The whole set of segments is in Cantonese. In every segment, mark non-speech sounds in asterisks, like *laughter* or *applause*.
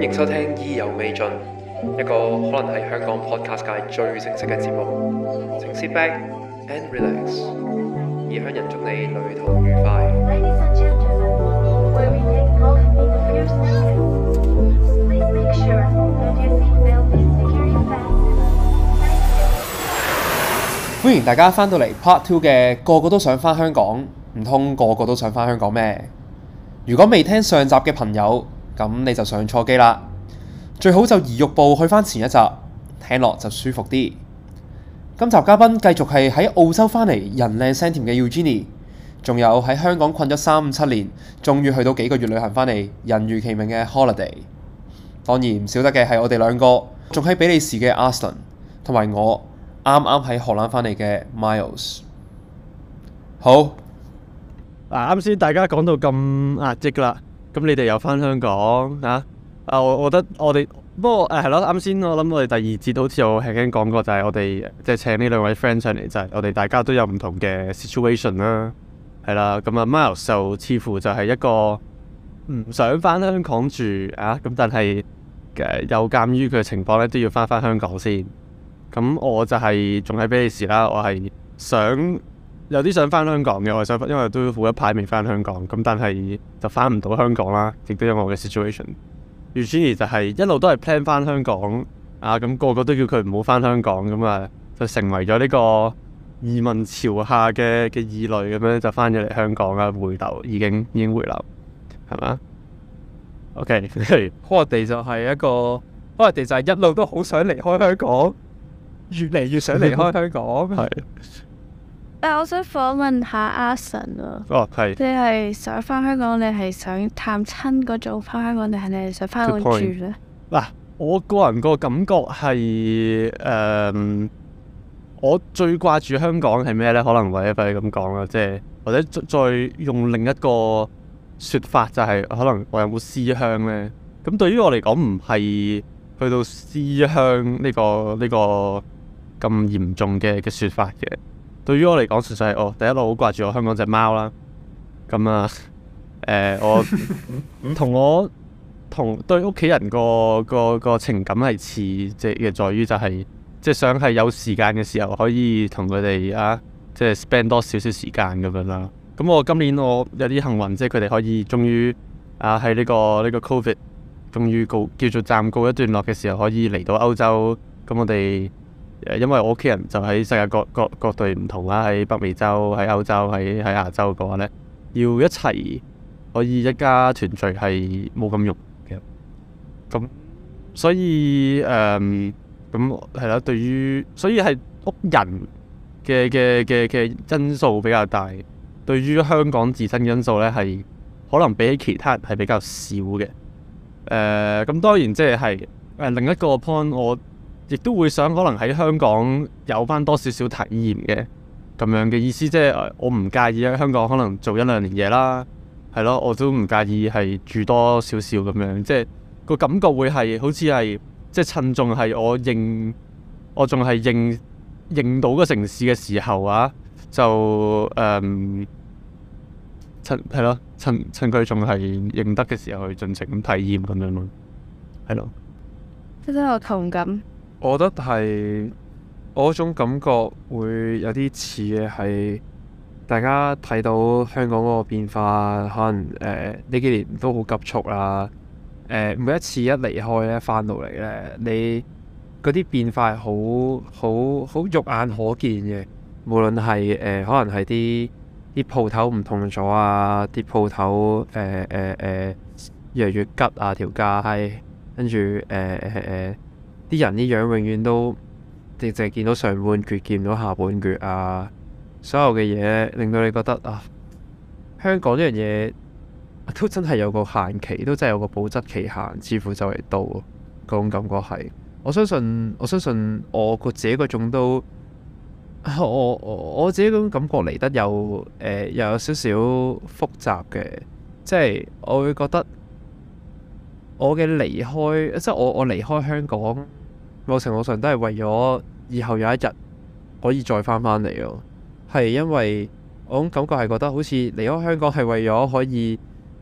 歡迎收聽《意猶未盡》，一個可能係香港 podcast 界最正式嘅節目。Sit Back and Relax，異鄉人祝你旅途愉快。歡迎大家返到嚟 Part Two 嘅個個都想返香港，唔通個個都想返香港咩？如果未聽上集嘅朋友，咁你就上錯機啦，最好就移玉步去返前一集，聽落就舒服啲。今集嘉賓繼續係喺澳洲返嚟人靚聲甜嘅 Eugenie，仲有喺香港困咗三五七年，終於去到幾個月旅行返嚟人如其名嘅 Holiday。當然唔少得嘅係我哋兩個，仲喺比利時嘅 Aston 同埋我啱啱喺荷蘭返嚟嘅 Miles。好，嗱啱先大家講到咁壓積啦。啊.咁你哋又返香港啊，啊？我覺得我哋不過誒係咯，啱、啊、先我諗我哋第二節好似我 headline 講過，就係、是、我哋即係請呢兩位 friend 上嚟，就係、是、我哋大家都有唔同嘅 situation 啦、啊，係啦。咁啊，Miles 就似乎就係一個唔想返香港住啊，咁但係誒、啊、有鑑於佢嘅情況咧，都要返返香港先。咁我就係仲喺比利時啦，我係想。有啲想返香港嘅，我想因為都好一排未返香港，咁但係就返唔到香港啦，亦都有我嘅 situation。Eugenie 就係一路都係 plan 返香港啊，咁個個都叫佢唔好返香港，咁啊就成為咗呢個移民潮下嘅嘅異類咁樣，就返咗嚟香港啦，回流已經已經回流，係嘛？OK， *laughs* 我哋就係一個，我哋就係一路都好想離開香港，越嚟越想離開香港。係。 *laughs* 誒，但我想訪問下阿神啊！哦，係。你係想返香港？你係想探親嗰種返香港，定係你係想返去住咧？嗱，我個人個感覺係誒、嗯，我最掛住香港係咩咧？可能我一俾你咁講啦，即、就、係、係、或者再用另一個說法、就係，就係可能我有冇思鄉咧？咁對於我嚟講，唔係去到思鄉呢、呢個呢、呢個咁嚴重嘅嘅說法嘅。對於我嚟講，純粹係哦，第一，我好掛住我香港隻貓啦。咁、嗯、啊，誒、呃，我同我同對屋企人個個個情感係似，即係嘅在於就係，即係想係有時間嘅時候可以同佢哋啊，即係 spend 多少少時間咁樣啦。咁、嗯、我今年我有啲幸運，即係佢哋可以終於啊喺呢、這個呢、這個 Covid 終於告叫做暫告一段落嘅時候，可以嚟到歐洲。咁、嗯、我哋。因為我屋企人就喺世界各各各地唔同啦，喺北美洲、喺歐洲、喺喺亞洲嘅話呢，要一齊可以一家團聚係冇咁容易嘅。咁所以誒，咁係啦。對於，所以係、呃、屋人嘅嘅嘅嘅因素比較大。對於香港自身因素呢，係可能比起其他人係比較少嘅。誒、呃，咁當然即係誒另一個 point 我。亦都會想可能喺香港有翻多少少體驗嘅咁樣嘅意思，即係我唔介意喺香港可能做一兩年嘢啦，係咯，我都唔介意係住多少少咁樣，即係個感覺會係好似係即係趁仲係我認我仲係認認到個城市嘅時候啊，就誒趁係咯，趁趁佢仲係認得嘅時候去盡情咁體驗咁樣咯，係咯，真係有同感。我覺得係我嗰種感覺會有啲似嘅係，大家睇到香港嗰個變化，可能誒呢、呃、幾年都好急速啦、呃。每一次一離開咧，翻到嚟咧，你嗰啲變化係好好好肉眼可見嘅。無論係誒、呃、可能係啲啲鋪頭唔同咗、呃呃呃、啊，啲鋪頭誒誒誒越嚟越吉啊，條街係跟住誒誒。啲人呢樣永遠都直淨見到上半決，見唔到下半決啊！所有嘅嘢令到你覺得啊，香港呢樣嘢都真係有個限期，都真係有個保質期限，似乎就嚟到嗰種感覺係。我相信我相信我個自己嗰種都，我我我自己嗰種感覺嚟得有誒、呃、又有少少複雜嘅，即、就、係、是、我會覺得我嘅離開即係、就是、我我離開香港。某程度上都係為咗以後有一日可以再返返嚟咯，係因為我感覺係覺得好似離開香港係為咗可以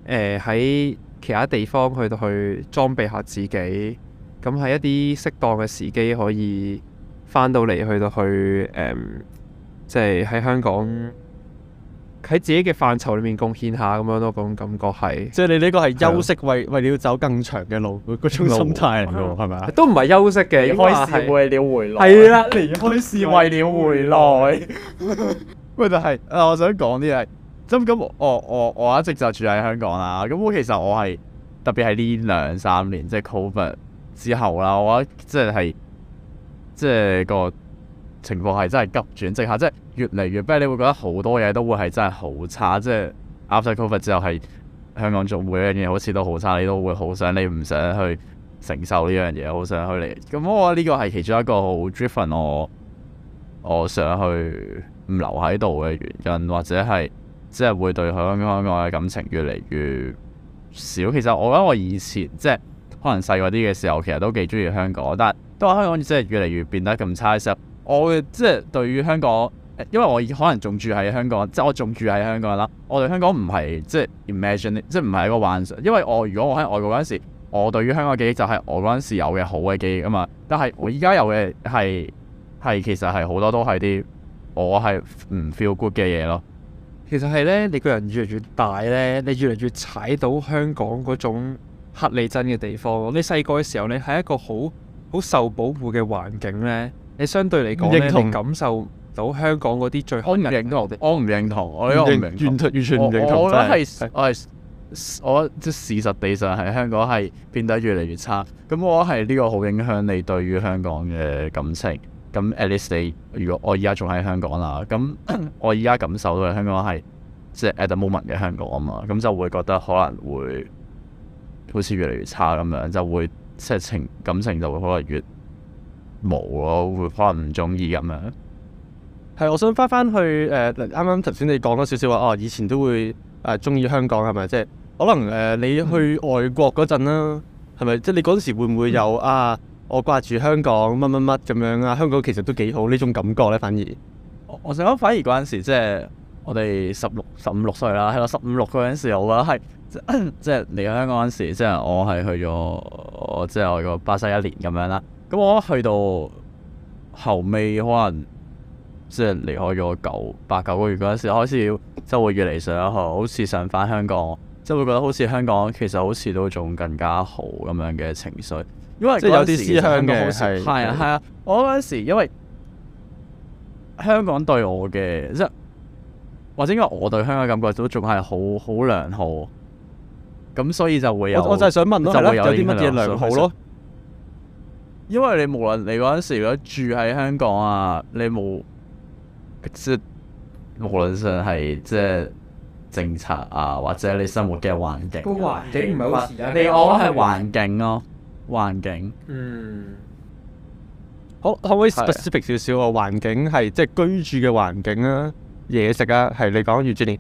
誒喺、呃、其他地方去到去裝備下自己，咁喺一啲適當嘅時機可以返到嚟去到去誒，即係喺香港。喺自己嘅範疇裏面貢獻下咁樣咯，嗰種感覺係。即係你呢個係休息為，啊、為為了走更長嘅路，嗰種心態係咪啊？No, no, 吧都唔係休息嘅，開始係為了回來。係啊，你開始，為了回來。喂， *laughs* 但係啊，我想講啲係，咁咁我我我一直就住喺香港啦。咁其實我係特別係呢兩三年，即、就、係、是、Covid 之後啦，我即係即係個情況係真係急轉直下，即係越嚟越逼，你會覺得好多嘢都會係真係好差。即係 after Covid 之後，係香港做每一樣嘢好似都好差，你都會好想你唔想去承受呢樣嘢，好想去嚟。咁我覺得呢個係其中一個好 driven 我，我想去唔留喺度嘅原因，或者係即係會對香港嘅感情越嚟越少。其實我覺得我以前即係可能細個啲嘅時候，其實都幾中意香港，但都話香港真係越嚟越變得咁差。我即係對於香港，因為我可能仲住喺香港，即係我仲住喺香港啦。我對香港唔係即係 imagine，it，即係唔係一個幻想。因為我如果我喺外國嗰陣時，我對於香港嘅記憶就係我嗰陣時有嘅好嘅記憶啊嘛。但係我依家有嘅係係其實係好多都係啲我係唔 feel good 嘅嘢咯。其實係呢，你個人越嚟越大呢，你越嚟越踩到香港嗰種乞人憎嘅地方。你細個嘅時候，你係一個好好受保護嘅環境呢。你相對嚟講認同感受到香港嗰啲最人？我唔認同，我唔認同，我完全完全唔認同。我係我係是是我即係事實地上係香港係變得越嚟越差。咁我係呢個好影響你對於香港嘅感情。咁 at least 你如果我依家仲喺香港啦，咁我依家感受到嘅香港係即係 at the moment 嘅香港啊嘛，咁就會覺得可能會好似越嚟越差咁樣，就會即係情感情就會可能越。冇啊，我會可能唔中意咁樣。係，我想返返去誒，啱啱頭先你講多少少話，哦，以前都會誒中意香港係咪？即係可能誒、呃，你去外國嗰陣啦，係咪？ *laughs* 即係你嗰陣時會唔會有啊？我掛住香港乜乜乜咁樣啊？香港其實都幾好呢種感覺咧，反而我，我想講，反而嗰陣時即係、就是、我哋十六十五六歲啦，係咯，十五六嗰陣、啊、時我係即係嚟香港嗰陣時，即、就、係、是、我係去咗即係我國、就是、巴西一年咁樣啦。咁我去到後尾可能即係離開咗九八九個月嗰陣時，開始就會越嚟越想，嗬，好似想返香港，即係會覺得好似香港其實好似都仲更加好咁樣嘅情緒，因為即係有啲思鄉嘅係啊係啊！我嗰陣時因為香港對我嘅即係或者因為我對香港感覺都仲係好好良好，咁所以就會有，我，我就想問咯，係啦，有啲乜嘢良好咯？因為你無論你嗰陣時如果住喺香港啊，你冇即係無論上係即係政策啊，或者你生活嘅環境、啊，個環境唔係好適宜、啊。你我係環境咯、啊，環境。嗯。好，可唔可以 specific 少少啊？環境係即係居住嘅環境啊，嘢食啊，係你講 Eugenie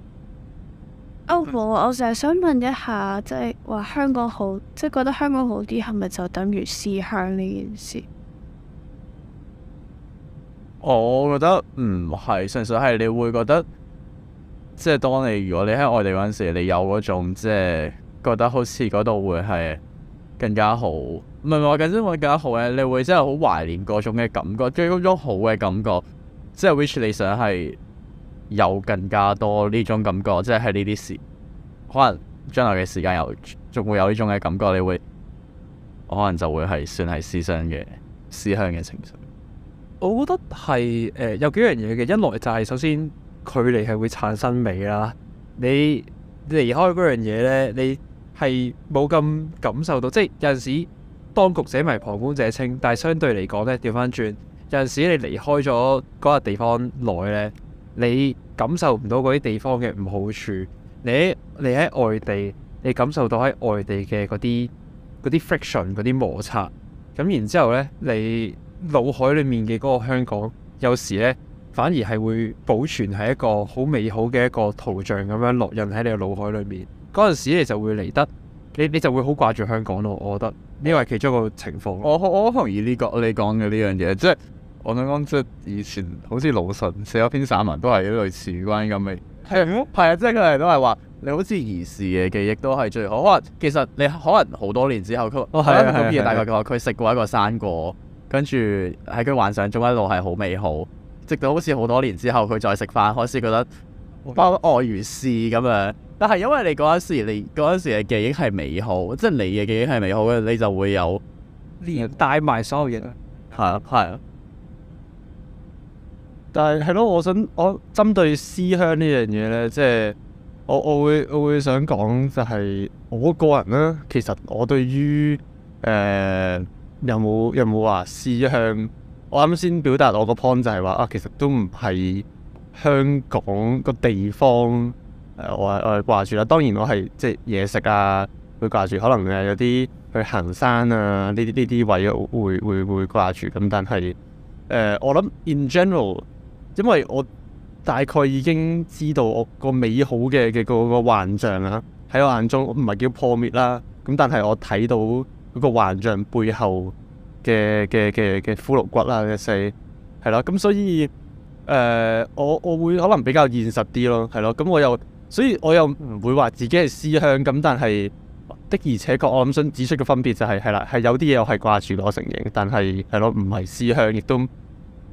哦，我我成日想問一下，即係話香港好，即係覺得香港好啲，係咪就等於思鄉呢件事？我覺得唔係，純粹係你會覺得，即係當你如果你喺外地嗰陣時，你有嗰種即係覺得好似嗰度會係更加好。唔係我更緊張更加好嘅，你會真係好懷念嗰種嘅感覺，最嗰種好嘅感覺，即係 which 你想係。有更加多呢種感覺，即係喺呢啲時，可能將來嘅時間又仲會有呢種嘅感覺。你會可能就會係算係思鄉嘅思鄉嘅情緒。我覺得係誒、呃、有幾樣嘢嘅，一來就係首先距離係會產生美啦。你離開嗰樣嘢呢，你係冇咁感受到，即係有陣時當局者迷，旁觀者清。但係相對嚟講呢，調翻轉有陣時你離開咗嗰個地方耐呢。你感受唔到嗰啲地方嘅唔好處，你喺你喺外地，你感受到喺外地嘅嗰啲嗰啲 friction 嗰啲摩擦，咁然之後呢，你腦海裡面嘅嗰個香港，有時呢反而係會保存喺一個好美好嘅一個圖像咁樣烙印喺你嘅腦海裡面，嗰陣時你就會嚟得，你你就會好掛住香港咯。我覺得呢個係其中一個情況。我我好同意呢個你講嘅呢樣嘢，即係。我想講即係以前，好似魯迅寫咗篇散文，都係啲類似關於咁嘅。係、嗯、啊，係啊，即係佢哋都係話，你好似兒時嘅記憶都係最好。可、哦、其實你可能好多年之後，佢係啊，咁嘅大概佢話，佢食過一個生果，跟住喺佢幻想中一路係好美好，直到好似好多年之後，佢再食翻，開始覺得不外如是咁樣。但係因為你嗰陣時，你嗰陣時嘅記憶係美好，即、就、係、是、你嘅記憶係美好嘅，你就會有連帶埋所有嘢。係啊，係啊。但係係咯，我想我針對思鄉呢樣嘢咧，即係我我會我會想講就係、是、我個人咧，其實我對於誒、呃，有冇有冇話思鄉，我啱先表達我個 point 就係話啊，其實都唔係香港個地方誒、呃，我係我係掛住啦。當然我係即係嘢食啊，會掛住，可能誒有啲去行山啊呢啲呢啲位啊，會會會掛住。咁但係誒、呃，我諗 in general。因為我大概已經知道我個美好嘅嘅、嗰個嗰個幻象啦，喺我眼中，我唔係叫破滅啦。咁但係我睇到嗰個幻象背後嘅嘅嘅嘅骷髏骨啊嘅死係啦。咁、那個、所以誒、呃，我我會可能比較現實啲咯，係咯。咁我又，所以我又唔會話自己係思鄉。咁但係的而且確，我諗想想指出嘅分別就係、係、係啦，係有啲嘢我係掛住攞承認，但係係咯，唔係思鄉，亦都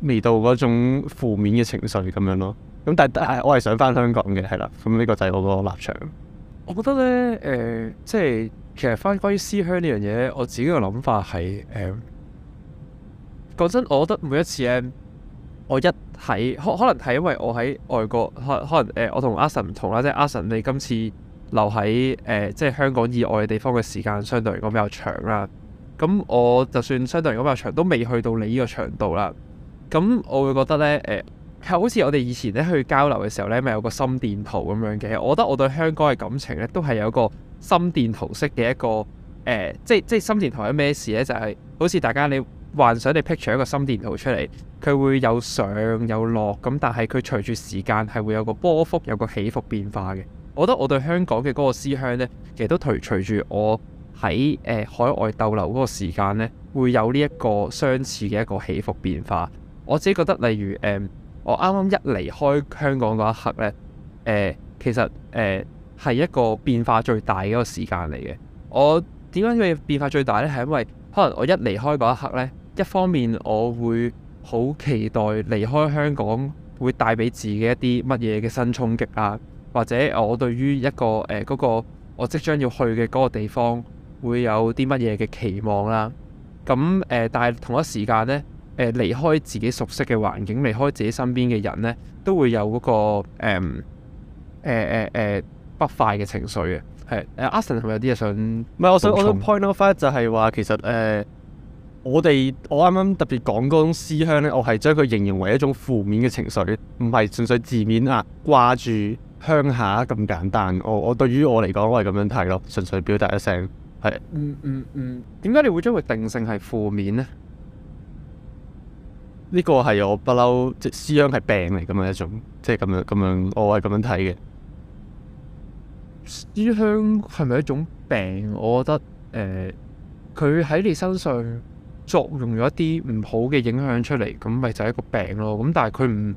未到嗰種負面嘅情緒咁樣咯，咁但係我係想翻香港嘅，係啦，咁呢個就係我個立場。我覺得呢，誒、呃，即係其實翻關於思鄉呢樣嘢，我自己嘅諗法係誒、講真，我覺得每一次我一喺，可可能係因為我喺外國，可能可能誒，我同阿 Sam 唔同啦，即係阿 Sam 你今次留喺誒、呃、即係香港以外嘅地方嘅時間相對嚟講比較長啦，咁我就算相對嚟講比較長，都未去到你呢個長度啦。咁我會覺得呢，誒、呃、好似我哋以前咧去交流嘅時候呢，咪有個心電圖咁樣嘅。我覺得我對香港嘅感情呢，都係有個心電圖式嘅一個誒、呃，即係即係心電圖係咩事呢？就係、是、好似大家你幻想你 picture 一個心電圖出嚟，佢會有上有落咁，但係佢隨住時間係會有個波幅有個起伏變化嘅。我覺得我對香港嘅嗰個思鄉呢，其實都隨隨住我喺誒、呃、海外逗留嗰個時間呢，會有呢一個相似嘅一個起伏變化。我自己覺得，例如誒、呃，我啱啱一離開香港嗰一刻呢，誒、呃，其實誒係、呃、一個變化最大嘅一個時間嚟嘅。我點解佢變化最大呢？係因為可能我一離開嗰一刻呢，一方面我會好期待離開香港會帶俾自己一啲乜嘢嘅新衝擊啦、啊，或者我對於一個誒嗰、呃那個我即將要去嘅嗰個地方會有啲乜嘢嘅期望啦、啊。咁誒、呃，但係同一時間呢。誒，離開自己熟悉嘅環境，離開自己身邊嘅人呢，都會有嗰、那個誒誒誒不快嘅情緒嘅。係誒，阿 Sir 係咪有啲嘢想？唔係，我想我想 point out f f 翻就係話，其實誒、呃，我哋我啱啱特別講嗰種思鄉呢，我係將佢形容為一種負面嘅情緒，唔係純粹字面啊，掛住鄉下咁簡單。哦、我我對於我嚟講，我係咁樣睇咯，純粹表達一聲係、嗯。嗯嗯嗯，點、嗯、解你會將佢定性係負面呢？呢個係我不嬲，即思鄉係病嚟咁樣一種，即係咁樣咁樣，我係咁樣睇嘅。思鄉係咪一種病？我覺得誒，佢、呃、喺你身上作用咗一啲唔好嘅影響出嚟，咁咪就係一個病咯。咁但係佢唔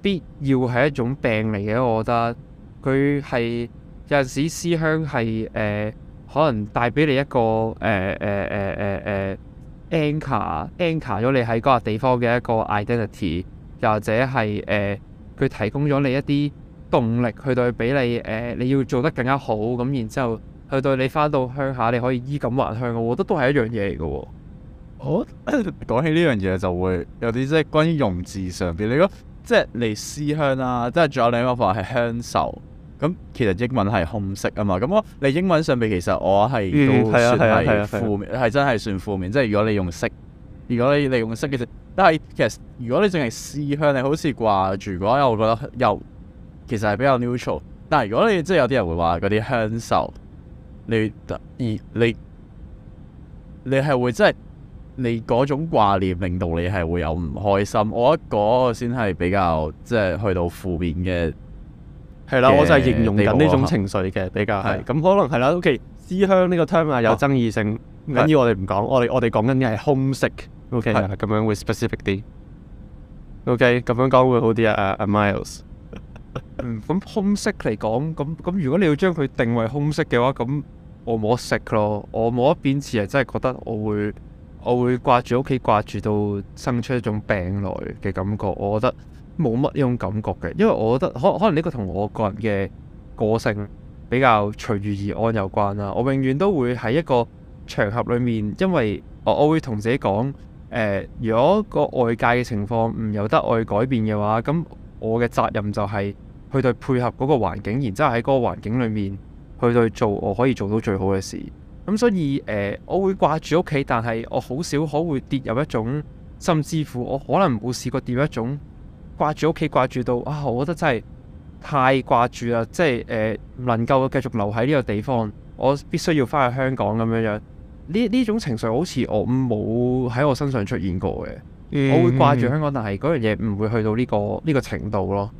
必要係一種病嚟嘅，我覺得佢係有陣時思鄉係誒，可能帶俾你一個誒誒誒誒誒。呃呃呃呃呃 Anchor，Anchor 咗你喺嗰個地方嘅一個 identity，又或者係誒佢提供咗你一啲動力去對你，俾你誒你要做得更加好。咁然之後，去對你翻到鄉下，你可以衣錦還鄉。我覺得都係一樣嘢嚟嘅喎。我講、哦、 *laughs* 起呢樣嘢就會有啲即係關於用字上邊，你個即係嚟思鄉啦，即係仲、啊、有另一個話係鄉愁。咁其實英文係 homesick 啊嘛，咁我你英文上邊其實我係都算係負面，係真係算負面。即係如果你用色，如果你你用色，其實但係其實如果你淨係思鄉，你好似掛住嘅話，我覺得又其實係比較 neutral。但係如果你即係有啲人會話嗰啲鄉愁，你特而你你係會真係你嗰種掛念令到你係會有唔開心。我覺得嗰個先係比較即係去到負面嘅。係啦，我就係形容緊呢種情緒嘅比較係。咁的可能係啦，OK。思鄉呢個 term 係有爭議性，唔、哦、緊要我哋唔講。我哋我哋講緊嘅係 homesick，OK，咁樣會 specific 啲。OK，咁樣講會好啲啊，阿、uh, 阿、uh, Miles。咁 homesick 嚟講，咁咁如果你要將佢定為 homesick 嘅話，咁我冇得食咯，我冇得邊字係真係覺得我會我會掛住屋企，掛住到生出一種病來嘅感覺，我覺得。冇乜呢種感覺嘅，因為我覺得可可能呢個同我個人嘅個性比較隨遇而安有關啦。我永遠都會喺一個場合裏面，因為我我會同自己講誒、呃，如果個外界嘅情況唔由得我去改變嘅話，咁我嘅責任就係去對配合嗰個環境，然之後喺嗰個環境裏面去對做我可以做到最好嘅事。咁所以誒、呃，我會掛住屋企，但係我好少可會跌入一種，甚至乎我可能冇試過跌入一種。掛住屋企掛住到啊，我覺得真係太掛住啦！即係誒、呃，唔能夠繼續留喺呢個地方，我必須要翻去香港咁樣樣。呢呢種情緒好似我冇喺我身上出現過嘅。嗯、我會掛住香港，但係嗰樣嘢唔會去到呢、呢個呢、呢個程度咯。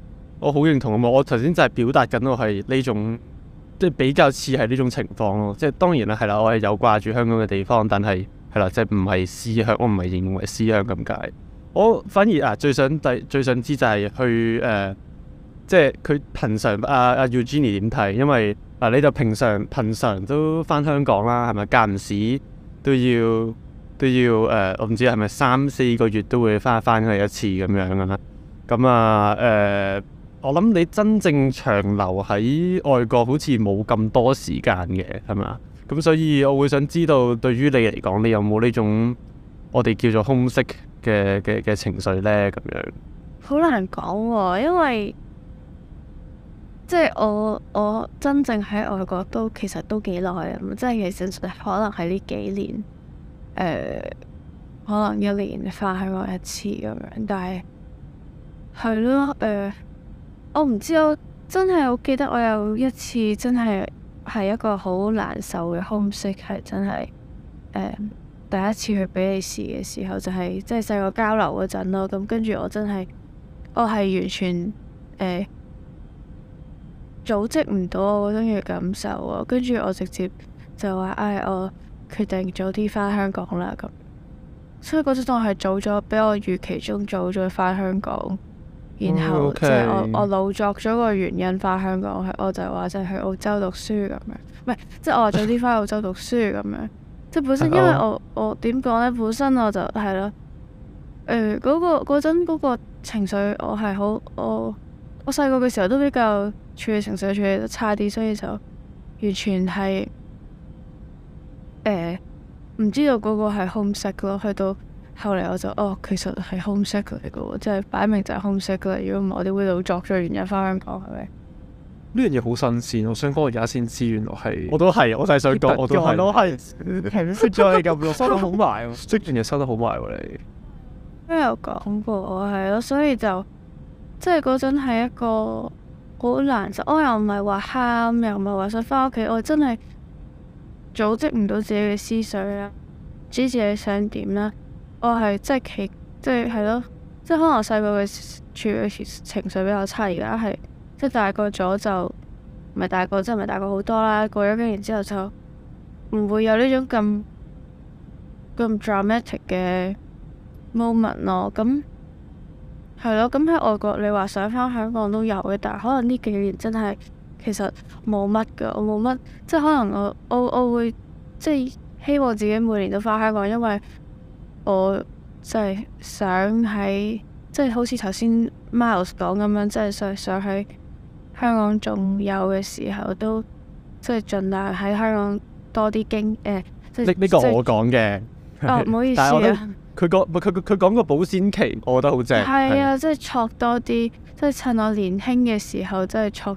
我好認同啊！我我頭先就係表達緊我係呢種，即係比較似係呢種情況咯。即係當然啦，係啦，我係有掛住香港嘅地方，但係係啦，即係唔係思鄉，我唔係認為思鄉咁解。我、oh, 反而啊，最想第最想知就係去誒、呃，即係佢平常啊啊，Eugenie 點睇？因為嗱、啊，你就平常平常都返香港啦，係咪？間唔時都要都要誒、呃，我唔知係咪三四個月都會返返去一次咁樣啦、啊。咁、嗯、啊誒、呃，我諗你真正長留喺外國好似冇咁多時間嘅，係咪啊？咁所以我會想知道，對於你嚟講，你有冇呢種我哋叫做空隙？嘅嘅嘅情緒呢，咁樣好難講喎，因為即係我我真正喺外國都其實都幾耐啊，即係其實可能係呢幾年、呃，可能一年返香港一次咁樣，但係係咯，誒、呃、我唔知，我真係好記得我有一次真係係一個好難受嘅 homesick，係真係第一次去比利時嘅時候，就係即係細個交流嗰陣咯。咁跟住我真係，我係完全誒、欸、組織唔到我嗰種嘅感受啊。跟住我直接就話，唉、哎，我決定早啲返香港啦。咁，所以嗰陣當係早咗，比我預期中早咗返香港。然後即係 Okay. 我我老作咗個原因返香港係，我就話就係去澳洲讀書咁樣，唔係即係我話早啲返澳洲讀書咁樣。 *laughs* 即本身因為我、uh, oh. 我點講呢？本身我就係咯，誒嗰、呃嗰個嗰陣嗰個情緒我係好我，我細個嘅時候都比較處理情緒處理得差啲，所以就完全係誒唔知道嗰個係 homesick 咯。去到後嚟我就哦，其實係 homesick 嚟嘅喎，即係擺明就係 homesick 啦。如果唔係我哋會老作咗原因返香港係咪？呢樣嘢好新鮮，我想講我而家先知原來係，我都係，我就係想講，我都係，我係積咗係咁咯，收得好埋喎，積件嘢收得好埋喎你。都有講過，我係咯，所以就即係嗰陣係一個好難受，就我又唔係話喊，又唔係話想翻屋企，我真係組織唔到自己嘅思緒啦，知自己想點啦，我係即係企，即係係咯，即係可能我細個嘅處理情緒比較差，而家係。即係大個咗就唔係大個，即係唔係大個好多啦。過咗幾年之後就唔會有呢種咁咁 dramatic 嘅 moment 咯。咁係咯，咁喺外國你話想返香港都有嘅，但係可能呢幾年真係其實冇乜㗎。我冇乜，即係可能我我我會即係希望自己每年都返香港，因為我即係想喺即係好似頭先 Miles 講咁樣，即係想想去。香港仲有嘅時候，都即係盡量喺香港多啲經誒、呃，即係呢呢個即我講嘅哦，唔 *laughs* 好意思啊。佢講唔佢佢講個保鮮期，我覺得好正係啊，即係錯多啲，即係趁我年輕嘅時候，即係錯。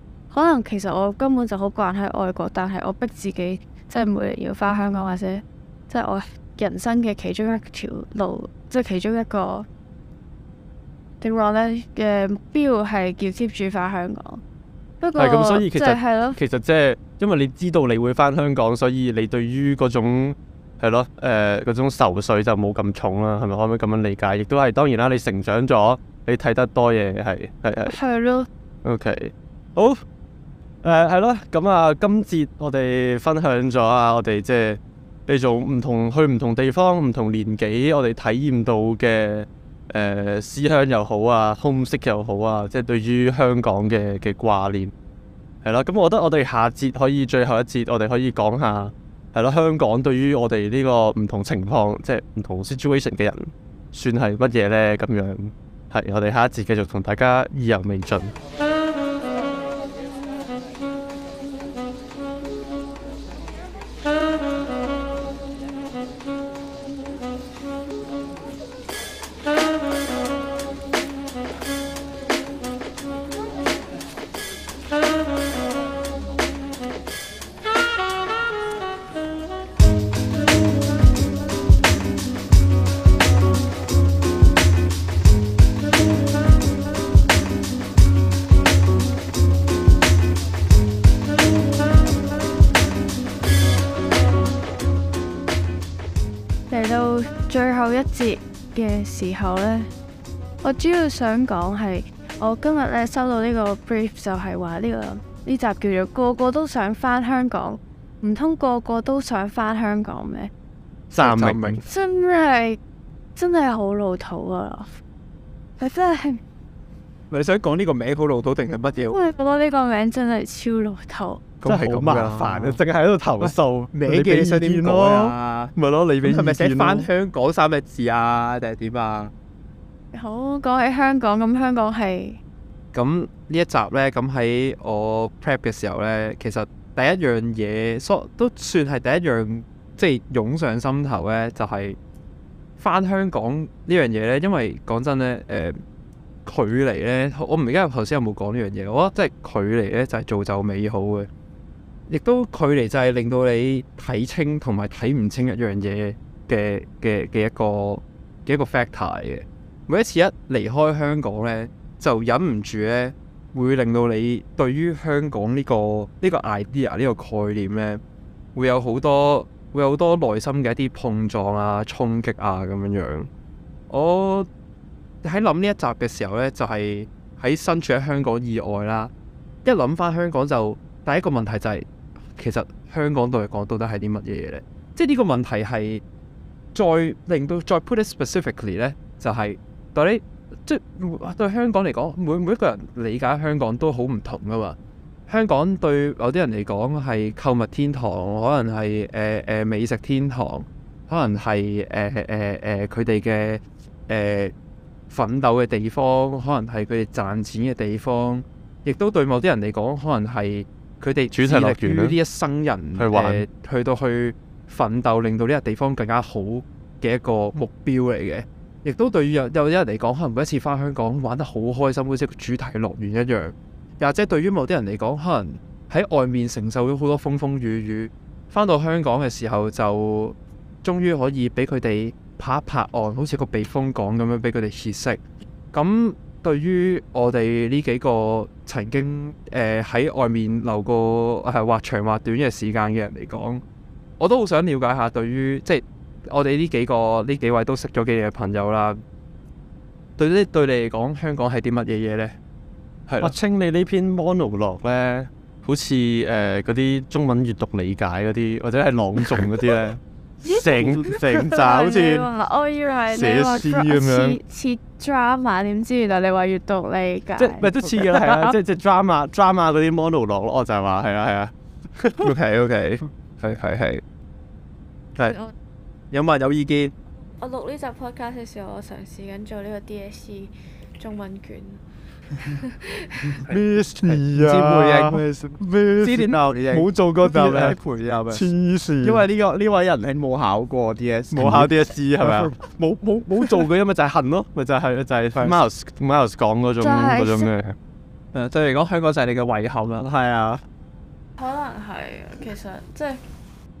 可能其實我根本就好慣喺外國，但係我逼自己即係每日要返香港，或者即係我人生嘅其中一條路，即係其中一個定話呢，嘅目標係叫 keep 住返香港。不過即係係咯，所以其實即係、就是、的因為你知道你會返香港，所以你對於嗰種係咯，誒嗰種愁緒就冇咁重啦、啊，係咪可唔可以咁樣理解？亦都係當然啦，你成長咗，你睇得多嘢係係係係咯。的 OK，好。誒係咯，咁啊、嗯嗯、今節我哋分享咗啊，我哋即係你做唔同去唔同地方、唔同年紀，我哋體驗到嘅誒思鄉又好啊空 o 又好啊，即、就、係、是、對於香港嘅嘅掛念係咯。咁、嗯、我覺得我哋下節可以最後一節，我哋可以講下係咯香港對於我哋呢個唔同情況，即係唔同 situation 嘅人，算係乜嘢呢？咁樣係我哋下一節繼續同大家意猶未盡。我主要想講係，我今日咧收到呢個 brief 就係話呢個呢集叫做個個都想返香港，唔通個個都想返香港咩？真明真係真係好老土啊！係真係，你想講呢個名好老土定係乜嘢？我係覺得呢個名真係超老土，真係咁麻煩啊！淨係喺度投訴，你俾上想個呀？咪咯，你俾上係咪寫翻香港三日字啊？定係點啊？好講起香港咁，香港係咁呢一集呢。咁喺我 prep 嘅時候呢，其實第一樣嘢，都算係第一樣，即係湧上心頭呢，就係、是、返香港呢樣嘢呢。因為講真呢，誒、呃，距離呢，我唔記得頭先有冇講呢樣嘢。我覺得即係距離呢，就係、是、造就美好嘅，亦都距離就係令到你睇清同埋睇唔清一樣嘢嘅嘅嘅一個嘅一個 factor 嘅。每一次一離開香港呢，就忍唔住呢，會令到你對於香港呢，這個呢，這個 idea 呢個概念呢，會有好多會有好多內心嘅一啲碰撞啊，衝擊啊咁樣樣。我喺諗呢一集嘅時候呢，就係、是、喺身處喺香港以外啦。一諗翻香港就第一個問題就係、是、其實香港對嚟講到底係啲乜嘢呢？即係呢個問題係再令到再 put it specifically 呢、就是，就係。但即係對香港嚟講，每每一個人理解香港都好唔同㗎嘛。香港對某啲人嚟講係購物天堂，可能係誒誒美食天堂，可能係誒誒誒佢哋嘅誒奮鬥嘅地方，可能係佢哋賺錢嘅地方，亦都對某啲人嚟講，可能係佢哋致力於呢一生人誒去到去奮鬥，令到呢個地方更加好嘅一個目標嚟嘅。亦都對於有有啲人嚟講，可能每一次返香港玩得好開心，好似個主題樂園一樣；又或者對於某啲人嚟講，可能喺外面承受咗好多風風雨雨，返到香港嘅時候就終於可以俾佢哋拍一拍岸，好似個避風港咁樣俾佢哋歇息。咁對於我哋呢幾個曾經誒喺、呃、外面留過係、啊、或長或短嘅時間嘅人嚟講，我都好想了解下對於，對於即係。我哋呢幾個呢幾位都識咗幾年嘅朋友啦，對啲對你嚟講，香港係啲乜嘢嘢咧？係。我聽你呢篇 monologue 咧，好似誒嗰啲中文閱讀理解嗰啲，或者係朗讀嗰啲咧，成成集好似。我以為寫詩咁樣。似 drama，點知原來你話閱讀理解？即係都似嘅係啊？即係即係 drama drama 嗰啲 monologue 咯，就係話？係啊係啊。O K O K，係係係。係。有冇人有意見？我錄呢集 podcast 嘅時候，我嘗試緊做呢個 DSE 中文卷。黐線啊！黐線啊！黐線啊！冇做過就嚟陪啊！黐線！因為呢個呢位人你冇考過 DSE，冇考 DSE 係咪？冇冇冇做嘅，因為就係恨咯，咪就係就係。Mouse，Mouse 講嗰種嗰種嘅。誒，即係嚟講，香港就係你嘅遺憾啦。係啊。可能係，其實即係。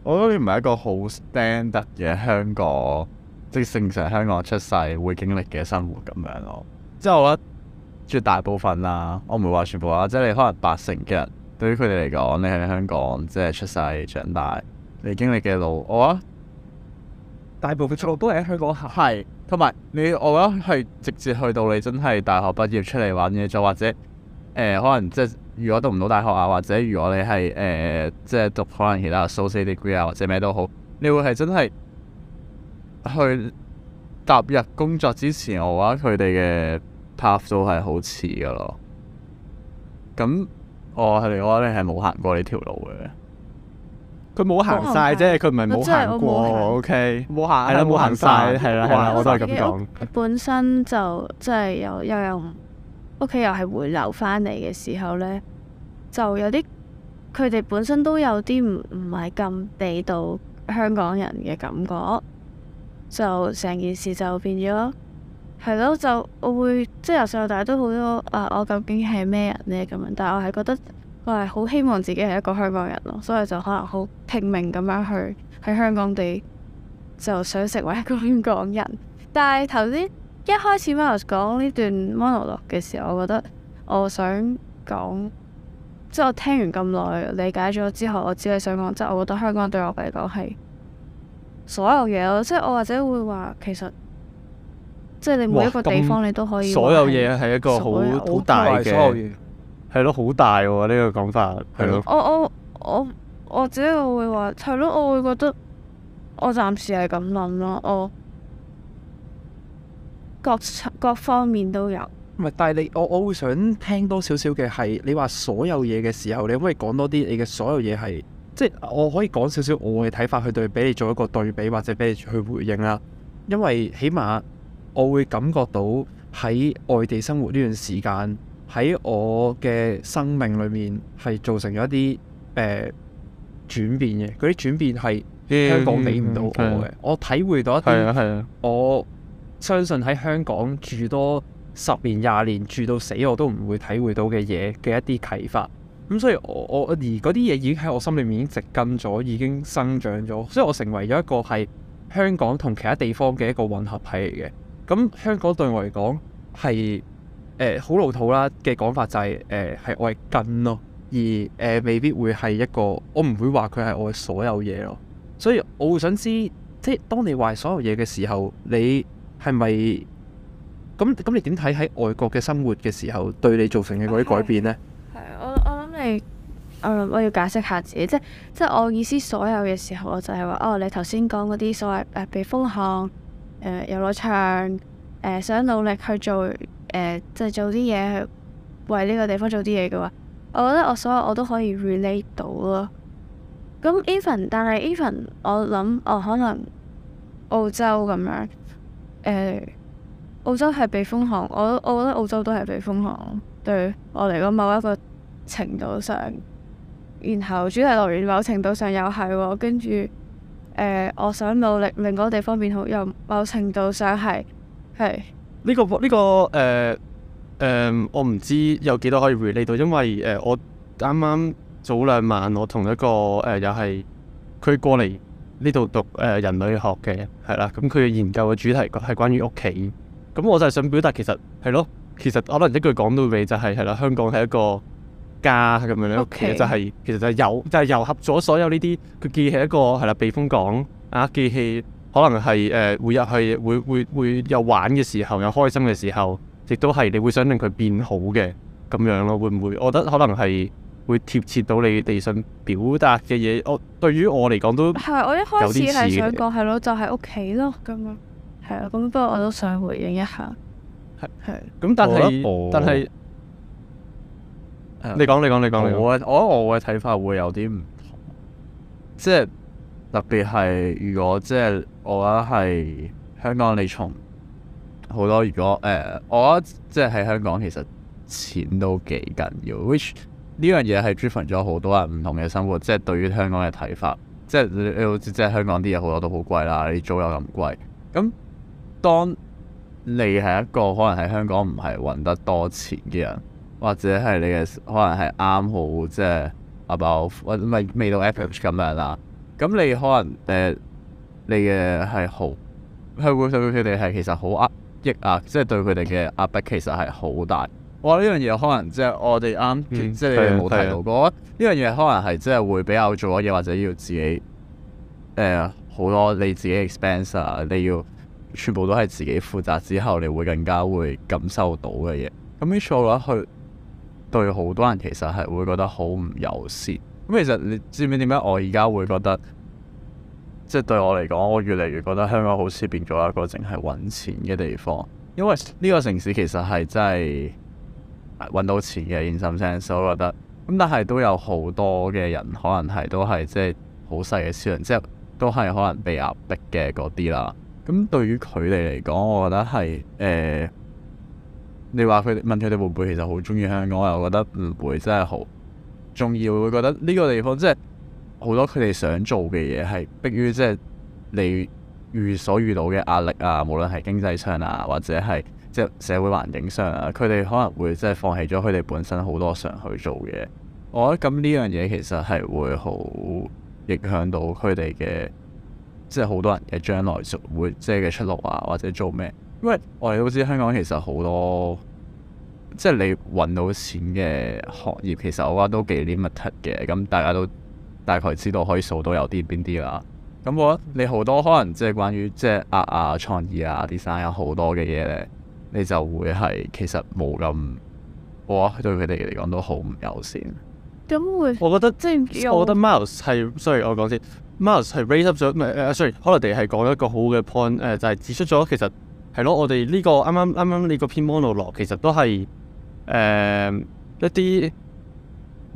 我覺得你唔係一個好 standard 嘅香港，即係正常香港出世會經歷嘅生活咁樣咯。即係我覺得絕大部分啊，我唔會話全部啦，啊，即係你可能八成嘅人對於佢哋嚟講，你喺香港即係出世長大，你經歷嘅路，我覺得大部分出路都係喺香港行。係是，同埋對你，我覺得係直接去到你真係大學畢業出嚟玩嘢，就或者誒、呃、可能即係。如果讀唔到大學啊，或者如果你係誒，即係讀可能其他 associate degree 啊，或者咩都好，你會係真係去踏入工作之前嘅話，佢哋嘅 path 都係好似嘅咯。咁我係嚟講，你係冇行過呢條路嘅。佢冇行晒啫，佢唔係冇行過。O K，冇行係啦，冇行晒。係啦，係啦，我都係咁講。本身就即係又又又屋企又係回流返嚟嘅時候呢，就有啲佢哋本身都有啲唔唔係咁地道香港人嘅感覺，就成件事就變咗係咯，就我會即係由細到大都好多啊！我究竟係咩人呢？咁樣，但係我係覺得我係好希望自己係一個香港人咯，所以就可能好拼命咁樣去喺香港地就想成為一個香港人。但係頭先。一開始 Miles 講呢段 monologue 嘅時候，我覺得我想講，即係我聽完咁耐理解咗之後，我只係想講，即係我覺得香港對我嚟講係所有嘢咯。即係我或者會話其實，即係你每一個地方你都可以。所有嘢係一個好好大嘅，係咯，好大喎，呢個講法係咯、嗯。我我我，或者我會話係咯，我會覺得我暫時係咁諗咯，我。各各方面都有，唔係。但係你我我會想聽多少少嘅係你話所有嘢嘅時候，你可唔可以講多啲你嘅所有嘢係即係我可以講少少我嘅睇法去對俾你做一個對比，或者俾你去回應啦。因為起碼我會感覺到喺外地生活呢段時間，喺我嘅生命裏面係造成咗一啲誒轉變嘅，嗰啲轉變係香港俾唔到我嘅。嗯嗯、我體會到一啲係啊，係啊，我。相信喺香港住多十年、廿年，住到死，我都唔會體會到嘅嘢嘅一啲啟發。咁，所以我我而嗰啲嘢已經喺我心裏面已經植根咗，已經生長咗，所以我成為咗一個係香港同其他地方嘅一個混合體嚟嘅。咁香港對我嚟講，係誒好老土啦嘅講法就係誒係我嘅根咯，而誒、呃、未必會係一個我唔會話佢係我嘅所有嘢咯。所以我會想知，即係當你話「所有嘢嘅時候，你。係咪咁咁？係係你點睇喺外國嘅生活嘅時候對你造成嘅嗰啲改變呢？係我我諗你我，我要解釋下自己，即即我意思，所有嘅時候我就係話哦，你頭先講嗰啲所謂誒避風巷誒、呃、遊樂場、呃、想努力去做誒，即、呃就係、做啲嘢去為呢個地方做啲嘢嘅話，我覺得我所有我都可以 relate 到咯。咁 even 但係 even 我諗我、哦、可能澳洲咁樣。Uh, 澳洲係避風港，我我覺得澳洲都係避風港，對我嚟講某一個程度上，然後主題樂園某程度上又係喎，跟住、uh, 我想努力令個地方變好，又某程度上係，係呢、呢個呢、呢個誒誒、呃呃，我唔知有幾多可以 relate 到，因為誒、呃、我啱啱早兩晚我同一個誒、呃、又係佢過嚟。呢度讀誒人類學嘅，係啦，咁佢嘅研究嘅主題係關於屋企。咁我就係想表達，其實係咯，其實可能一句講到尾就係，係啦，香港係一個家咁樣嘅屋企，就係其實就係遊，就係遊合咗所有呢啲，佢記起一個係啦避風港啊，記起可能係誒會入去，會會會有玩嘅時候，有開心嘅時候，亦都係你會想令佢變好嘅咁樣咯，會唔會？我覺得可能係。會貼切到你哋想表達嘅嘢，我對於我嚟講都係。我一開始係想講係咯，就係屋企咯咁樣。係啊，咁不過我都想回應一下。係係的。咁的但係但係，你講你講你講，我我我嘅睇法會有啲唔同。即係特別係，如果即係我覺得係香港，你從好多如果誒，我覺得我即係喺香港其實錢都幾緊要，which 呢樣嘢係 driven 咗好多人唔同嘅生活，即係對於香港嘅睇法，即係你你好似即係香港啲嘢好多都好貴啦，你租又咁貴。咁當你係一個可能喺香港唔係揾得多錢嘅人，或者係你嘅可能係啱好即係 above 或者唔係未到 average 咁樣啦，咁你可能誒、呃、你嘅係好，係會對佢哋係其實好壓抑啊，即係對佢哋嘅壓迫，其實係好大。我呢樣嘢可能即係我哋啱，嗯、即係你冇睇到過。我呢樣嘢可能係即係會比較做咗嘢，或者要自己誒好、呃、多你自己 expense 啊，你要全部都係自己負責之後，你會更加會感受到嘅嘢。咁呢錯嘅話，佢對好多人其實係會覺得好唔友善。咁、嗯、其實你知唔知點解我而家會覺得，即係對我嚟講，我越嚟越覺得香港好似變咗一個淨係揾錢嘅地方，因為呢個城市其實係真係～搵到錢嘅現金聲，所以我覺得咁，但係都有好多嘅人可能係都係即係好細嘅資源，即係都係可能被壓迫嘅嗰啲啦。咁對於佢哋嚟講，我覺得係誒、呃，你話佢問佢哋會唔會其實好中意香港，我又覺得唔會，真係好重要。會覺得呢個地方即係好多佢哋想做嘅嘢係迫於即係、就是、你遇所遇到嘅壓力啊，無論係經濟上啊，或者係。即係社會環境上啊，佢哋可能會即係放棄咗佢哋本身好多想去做嘅嘢。我覺得咁呢樣嘢其實係會好影響到佢哋嘅，即係好多人嘅將來會即係嘅出路啊，或者做咩？因為我哋都知香港其實好多即係你揾到錢嘅行業，其實我覺得都幾 limited 嘅。咁大家都大概知道可以數到有啲邊啲啦。咁我覺得你好多可能即係關於即係啊啊創意啊 design 啊好多嘅嘢咧，你就會係其實冇咁，我對佢哋嚟講都好唔友善。咁我覺得即係，我覺得 Miles 係，sorry 我講先，Miles 係 raise up 咗，唔係誒，sorry，Holiday 係講一個好嘅 point，誒就係指出咗其實係咯，我哋呢個啱啱啱啱你個篇 monologue 其實都係誒一啲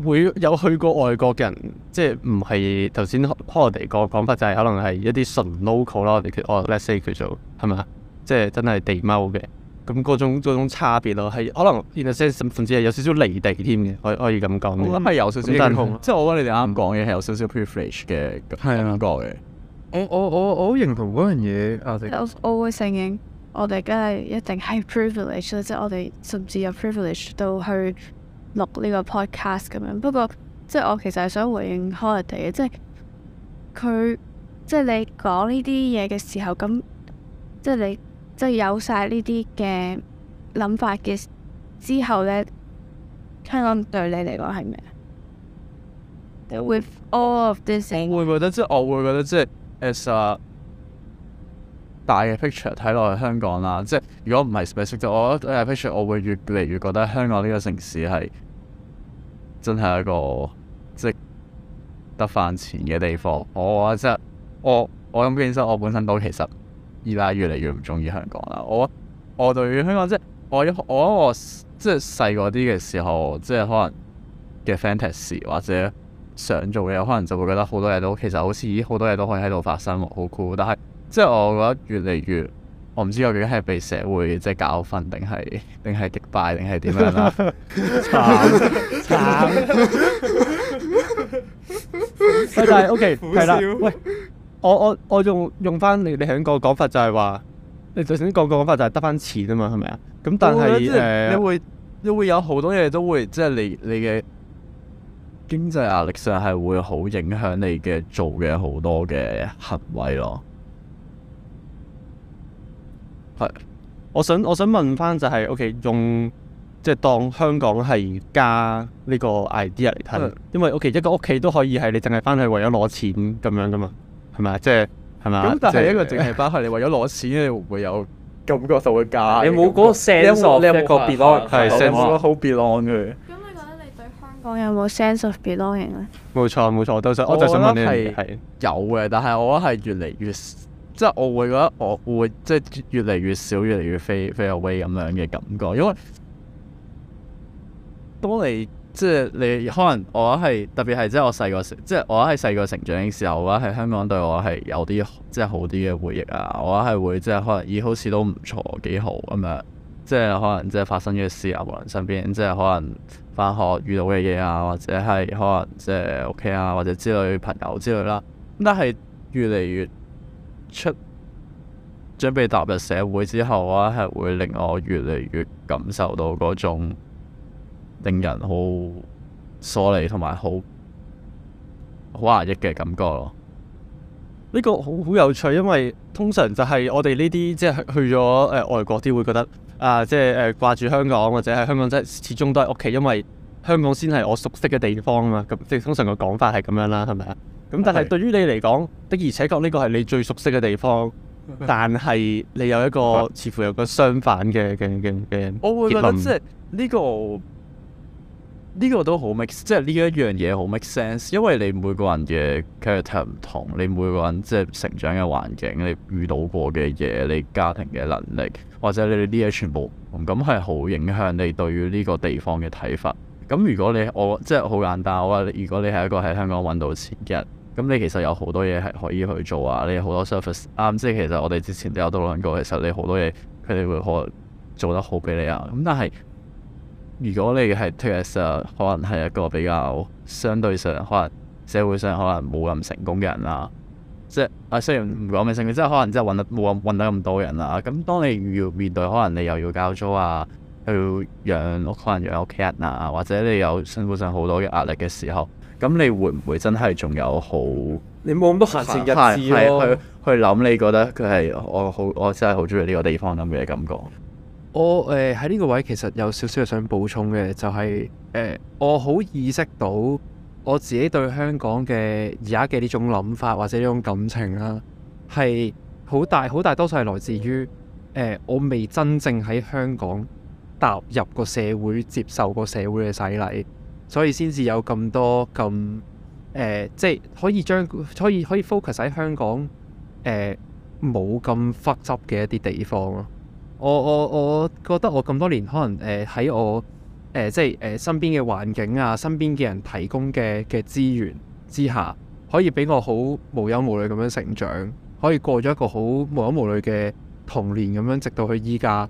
會有去過外國嘅人，即係唔係頭先 Holiday 個講法就係可能係一啲純 local 啦，我哋哦，let's say 叫做係咪啊？即係真係地踎嘅。咁各種各種差別咯，係可能 in a sense 甚至係有少少離地添嘅，可可以咁講。咁係有少少認同。即、啊、係我覺得你哋啱啱講嘅係有少少 privilege 嘅感覺嘅。我我我我好認同嗰樣嘢，阿靜。我會承認我哋梗係一定係 privilege 啦，即係我哋甚至有 privilege 到去錄呢個 podcast 咁樣。不過即係我其實係想回應 holiday，即係佢即係你講呢啲嘢嘅時候咁，即係你。即係有晒呢啲嘅諗法嘅之後咧，香港對你嚟講係咩？With all of this things，會唔會覺得？即係我會覺得即係 as a 大嘅 picture 睇落去香港啦。即係如果唔係 special，即我 as a picture，我會越嚟越覺得香港呢個城市係真係一個即係得飯錢嘅地方。我話即係我我諗變成我本身都其實。依家越嚟越唔中意香港啦！我我對香港即係我我我，我即係細個啲嘅時候，即係可能嘅 fantasy 或者想做嘅嘢，可能就會覺得好多嘢都其實好似好多嘢都可以喺度發生喎，好酷，但係即係我覺得越嚟越我唔知我究竟係被社會即係教訓定係定係擊敗定係點樣啦、啊！慘慘 *laughs* ！但係，OK，係啦，喂。我我我用用翻你你響個講法就係話，你頭先講嘅講法就係得翻錢啊嘛，係咪啊？咁但係誒、呃，你會你會有好多嘢都會即係你你嘅經濟壓力上係會好影響你嘅做嘅好多嘅行為咯。係的，我想我想問翻就係、係，OK 用即係當香港係家呢個 idea 嚟睇，的因為 OK 一個屋企都可以係你淨係翻去為咗攞錢咁樣噶嘛。係咪即係係咪咁但係一個整體班係你為咗攞錢，你會唔會有感覺上會假？你冇嗰個 sense，你冇冇個 belong，係 sense 好 belong 咁你覺得你對香港有冇 sense of belonging 咧？冇錯冇錯，我就我就想問你係有嘅，但係我係越嚟越即係，的我會覺得我會即係、就是、越嚟越少，越嚟越 far away 咁樣嘅感覺，因為當你。即係你可能我係特別係即係我細個成，即係我喺細個成長嘅時候，我喺香港對我係有啲即係好啲嘅回憶啊！我係會即係可能咦好似都唔錯幾好咁樣，即係可能即係發生嘅事啊，無人身邊即係可能返學遇到嘅嘢啊，或者係可能即係屋企啊，或者之類朋友之類啦。咁但係越嚟越出準備踏入社會之後，我係會令我越嚟越感受到嗰種。令人好疏離同埋好好壓抑嘅感覺咯。呢個好好有趣，因為通常就係我哋呢啲即係去咗誒、呃、外國啲會覺得啊、呃，即係誒掛住香港或者喺香港即係始終都係屋企，因為香港先係我熟悉嘅地方啊嘛。咁即係通常個講法係咁樣啦，係咪啊？咁但係對於你嚟講的，的而且確呢個係你最熟悉嘅地方，但係你有一個麼似乎有個相反嘅嘅嘅嘅。我會覺得即係呢、這個。呢個都好 make，即係呢一樣嘢好 make sense，因為你每個人嘅 character 唔同，你每個人即係成長嘅環境，你遇到過嘅嘢，你家庭嘅能力，或者你哋啲嘢全部唔同，咁係好影響你對於呢個地方嘅睇法。咁如果你我即係好簡單，我話如果你係一個喺香港揾到錢嘅人，咁你其實有好多嘢係可以去做啊，你好多 service 啱、嗯，即係其實我哋之前都有都討論過，其實你好多嘢佢哋會可做得好俾你啊。咁但係。如果你係 t i 可能係一個比較相對上可能社會上可能冇咁成功嘅人啦，即係阿雖然唔講咩成功，即係可能真係揾得冇揾揾到咁多人啦。咁當你要面對可能你又要交租啊，又要養屋，可能養屋企人啊，或者你有生活上好多嘅壓力嘅時候，咁你會唔會真係仲有好？你冇咁多閒情逸致、啊、去去諗，去你覺得佢係、嗯、我好，我真係好中意呢個地方咁嘅感覺。我誒喺呢個位其實有少少想補充嘅，就是，就係誒我好意識到我自己對香港嘅而家嘅呢種諗法或者呢種感情啦，啊，係好大好大多數係來自於誒，呃，我未真正喺香港踏入個社會，接受個社會嘅洗禮，所以先至有咁多咁誒，呃，即係可以將可以可以 focus 喺香港誒冇咁複雜嘅一啲地方咯。我我我覺得我咁多年可能誒喺、呃、我誒、呃、即係誒、呃、身邊嘅環境啊，身邊嘅人提供嘅嘅資源之下，可以俾我好無憂無慮咁樣成長，可以過咗一個好無憂無慮嘅童年咁樣，直到去依家。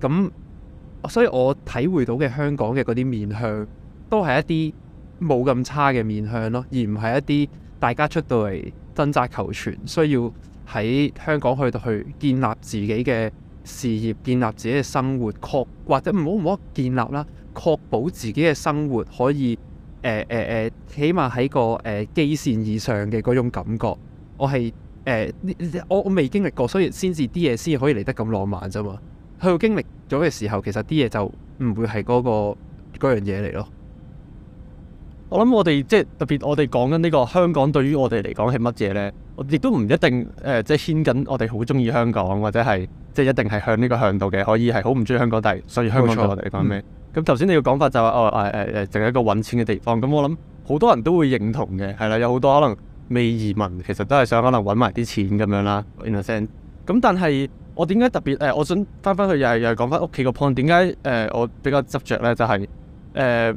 咁所以我體會到嘅香港嘅嗰啲面向，都係一啲冇咁差嘅面向咯，而唔係一啲大家出到嚟掙扎求存，需要喺香港去到去建立自己嘅。事業建立自己嘅生活，確或者唔好唔好建立啦，確保自己嘅生活可以誒誒誒，起碼喺個誒、呃、基線以上嘅嗰種感覺。我係誒，我、呃、我未經歷過，所以先至啲嘢先可以嚟得咁浪漫啫嘛。去到經歷咗嘅時候，其實啲嘢就唔會係嗰、嗰個嗰樣嘢嚟咯。我諗我哋即係特別我、這個，我哋講緊呢個香港對於我哋嚟講係乜嘢呢？我亦都唔一定誒、呃，即係牽緊我哋好中意香港，或者係即係一定係向呢個向度嘅，可以係好唔中意香港，但係所以香港對我哋嚟講咩？咁頭先你嘅講法就係、是、哦誒誒誒，淨、呃、係、呃、一個揾錢嘅地方。咁我諗好多人都會認同嘅，係啦，有好多可能未移民，其實都係想可能揾埋啲錢咁樣啦。咁但係我點解特別誒、呃？我想翻翻去又係又係講翻屋企個 point，點解誒我比較執着呢？就係、是、誒。呃呃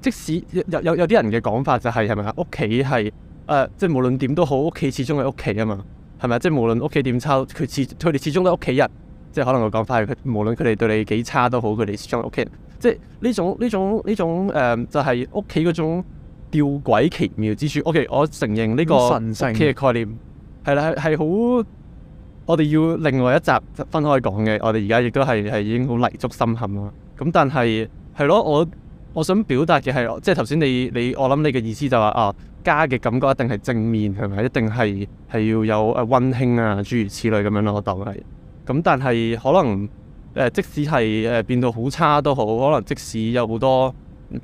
即使有有有啲人嘅講法就係，係咪啊？屋企係誒，即係無論點都好，屋企始終係屋企啊嘛，係咪？即係無論屋企點差，佢始佢哋始終都係屋企人。即係可能我講翻係佢，無論佢哋對你幾差都好，佢哋始終屋企人。即係呢種呢種呢種誒、呃，就係屋企嗰種吊詭奇妙之處。OK，我承認呢個屋企嘅概念係啦，係係好。我哋要另外一集分開講嘅，我哋而家亦都係係已經好泥足深陷啦。咁、嗯、但係係咯，我。我我想表達嘅係，即係頭先你你，我諗你嘅意思就話、是、啊，家嘅感覺一定係正面，係咪？一定係係要有誒溫馨啊，諸如此類咁樣咯，我當係。咁但係可能、呃、即使係誒變到好差都好，可能即使有好多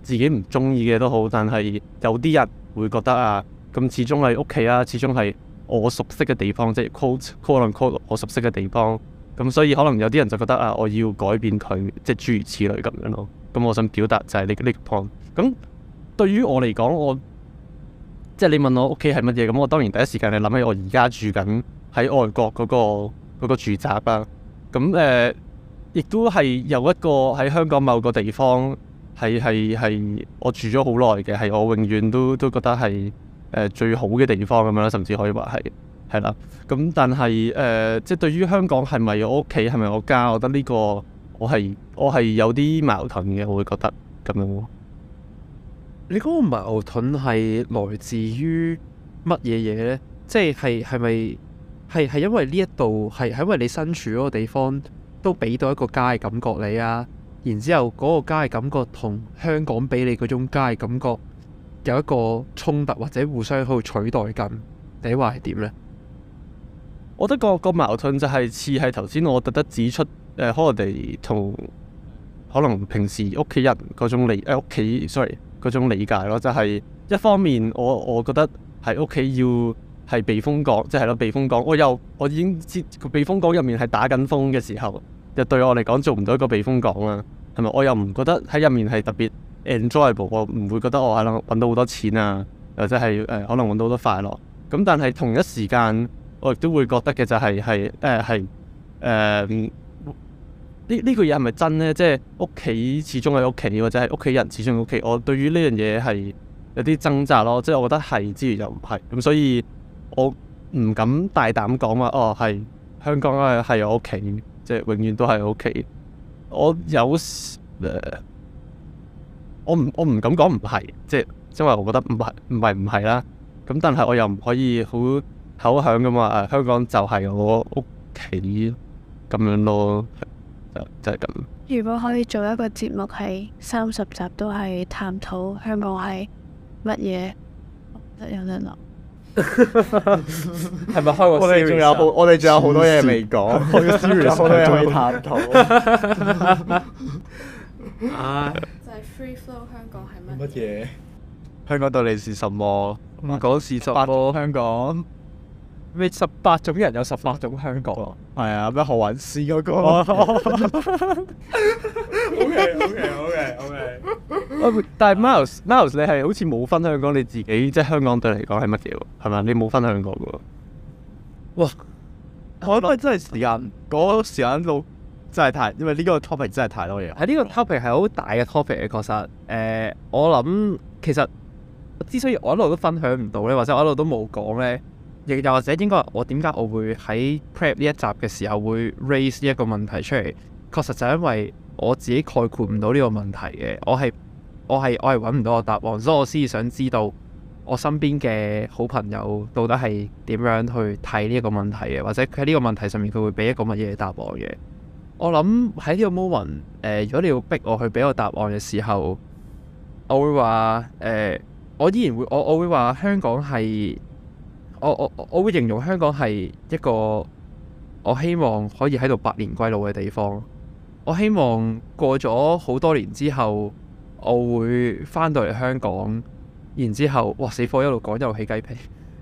自己唔中意嘅都好，但係有啲人會覺得啊，咁始終係屋企啊，始終係我熟悉嘅地方，即係 quote unquote 我熟悉嘅地方。咁所以可能有啲人就覺得啊，我要改變佢，即係諸如此類咁樣咯。啊咁我想表達就係呢個呢個 point，咁對於我嚟講，我即係你問我屋企係乜嘢，咁我當然第一時間你諗起我而家住緊喺外國嗰、嗰個、嗰個住宅啦、啊。咁誒、呃，亦都係有一個喺香港某個地方，係係係我住咗好耐嘅，係我永遠都都覺得係誒、呃、最好嘅地方咁樣啦，甚至可以話係係啦。咁但係誒、呃，即係對於香港係咪我屋企，係咪我家？我覺得呢、這個。我係我係有啲矛盾嘅，我會覺得咁樣。你嗰個矛盾係來自於乜嘢嘢呢？即係係咪係係因為呢一度係喺因為你身處嗰個地方都俾到一個家嘅感覺你啊，然之後嗰個家嘅感覺同香港俾你嗰種家嘅感覺有一個衝突或者互相喺度取代緊，你話係點呢？我覺得個個矛盾就係似係頭先我特登指出。誒，可能我哋同可能平時屋企人嗰種理誒屋企，sorry 嗰種理解咯，就係、是、一方面我，我我覺得喺屋企要係避風港，即係咯避風港。我又我已經知個避風港入面係打緊風嘅時候，就對我嚟講做唔到一個避風港啦，係咪？我又唔覺得喺入面係特別 enjoyable，我唔會覺得我係咯揾到好多錢啊，或者係誒、呃、可能揾到好多快樂。咁但係同一時間，我亦都會覺得嘅就係係誒係誒。呢呢、這個嘢係咪真呢？即係屋企始終係屋企，或者係屋企人始終屋企。我對於呢樣嘢係有啲掙扎咯。即係我覺得係之餘又唔係咁，所以我唔敢大膽講話。哦，係香港啊，係我屋企，即係永遠都係我屋企。我有時、呃，我唔我唔敢講唔係，即係因為我覺得唔係唔係唔係啦。咁但係我又唔可以好口響㗎嘛。誒、啊，香港就係我屋企咁樣咯。就係咁。如果可以做一個節目係三十集都係探討香港係乜嘢？得有得攬？係咪開個？我仲有我哋仲有好多嘢未講。我哋 series 都係可以探討。嗯、就係 free flow 香港係乜嘢？香港到底係什麼？十八個香港。八咩十八種人，有十八種香港咯，係啊咩何韻詩嗰個？OK OK OK OK。但係 Miles，Miles 你係好似冇分享過你自己，即係香港對你嚟講係乜嘢？係咪？你冇分享過嘅？哇！我都係真係時間嗰個時間到真係太，因為呢個 topic 真係太多嘢。喺呢個 topic 係好大嘅 topic 嘅，確實。誒，我諗其實之所以我一路都分享唔到咧，或者我一路都冇講咧。亦又或者，應該我點解我會喺 prep 呢一集嘅時候會 raise 呢一個問題出嚟？確實就因為我自己概括唔到呢個問題嘅，我係我係我係揾唔到個答案，所以我先至想知道我身邊嘅好朋友到底係點樣去睇呢一個問題嘅，或者佢喺呢個問題上面佢會俾一個乜嘢答案嘅？我諗喺呢個 moment，呃，如果你要逼我去俾個答案嘅時候，我會話，呃，我依然會我我會話香港係。我我我會形容香港係一個我希望可以喺度百年歸老嘅地方。我希望過咗好多年之後，我會翻到嚟香港，然之後哇死火，一路講一路起雞皮，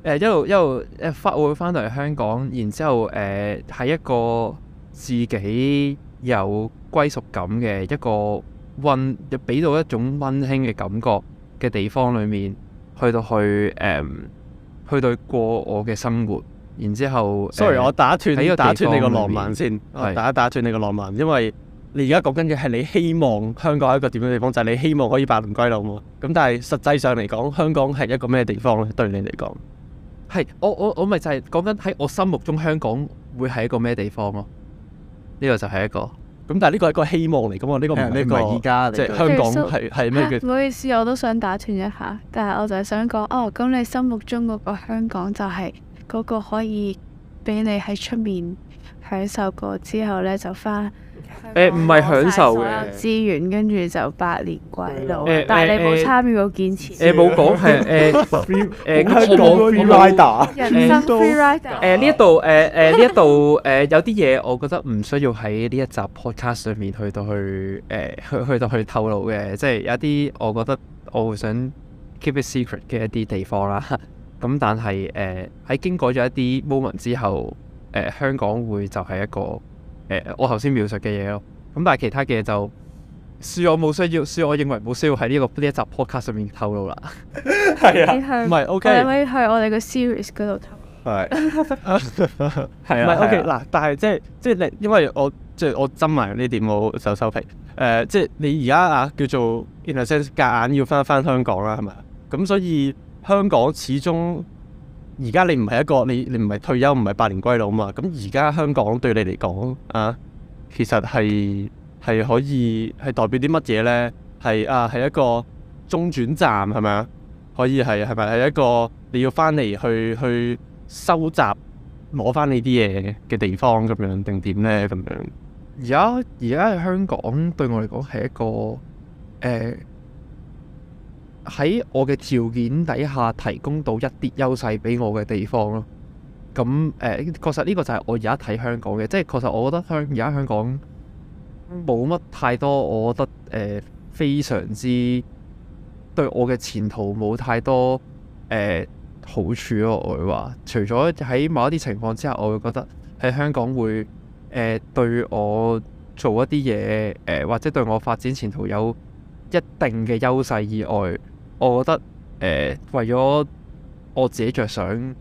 誒 *laughs* 一路一路誒翻我會翻到嚟香港，然之後誒喺、呃、一個自己有歸屬感嘅一個溫，俾到一種溫馨嘅感覺嘅地方裏面，去到去誒。嗯去對過我嘅生活，然之後。Sorry，、呃、我打斷你，打斷你個浪漫先。是打一打斷你個浪漫，因為你而家講緊嘅係你希望香港係一個點嘅地方，就係、是、你希望可以百龍歸龍。咁但係實際上嚟講，香港係一個咩地方咧？對你嚟講，係我我我咪就係講緊喺我心目中香港會係一個咩地方咯？呢、這個就係一個。咁但係呢個係一個希望嚟㗎嘛。呢、這個唔係而家，即係香港係係咩？唔好意思，我都想打斷一下，但係我就係想講，哦，咁你心目中嗰個香港就係嗰個可以俾你喺出面享受過之後呢，就返。誒，唔係享受嘅資源，跟住就百年歸老。誒，但係你冇參與過建設。誒、啊，冇講係誒誒，香港 freelander 誒呢一度誒誒呢一度誒有啲嘢，我覺得唔需要喺呢一集 podcast 上面去到去誒、啊、去去到去透露嘅，即係有啲我覺得我會想 keep it secret 嘅一啲地方啦。咁、啊、但係誒喺經過咗一啲 moment 之後，誒、啊、香港會就係一個。誒，我頭先描述嘅嘢咯，咁但係其他嘅就，恕我冇需要，恕我認為冇需要喺呢、這個呢一集 podcast 上面透露啦。係啊，唔係 OK，你可以去我哋個 series 嗰度透。係，係啊，OK 唔嗱，但係即係即係你，因為我即係我斟埋呢點，我手收皮。誒、呃，即係你而家啊，叫做 in a sense 隔硬要返返香港啦，係咪？咁所以香港始終。而家你唔係一個你你唔係退休唔係百年歸老嘛，咁而家香港對你嚟講啊，其實係係可以係代表啲乜嘢呢？係啊，係一個中轉站係咪啊？可以係係咪係一個你要返嚟去去收集攞返你啲嘢嘅地方咁樣定點呢？咁樣？而家而家香港對我嚟講係一個誒。呃喺我嘅條件底下提供到一啲優勢俾我嘅地方咯。咁誒、呃，確實呢個就係我而家睇香港嘅，即係確實我覺得香而家香港冇乜太多，我覺得誒、呃、非常之對我嘅前途冇太多誒、呃、好處咯、啊。我會話，除咗喺某一啲情況之下，我會覺得喺香港會誒、呃、對我做一啲嘢誒，或者對我發展前途有一定嘅優勢以外。我覺得誒、呃，為咗我自己着想，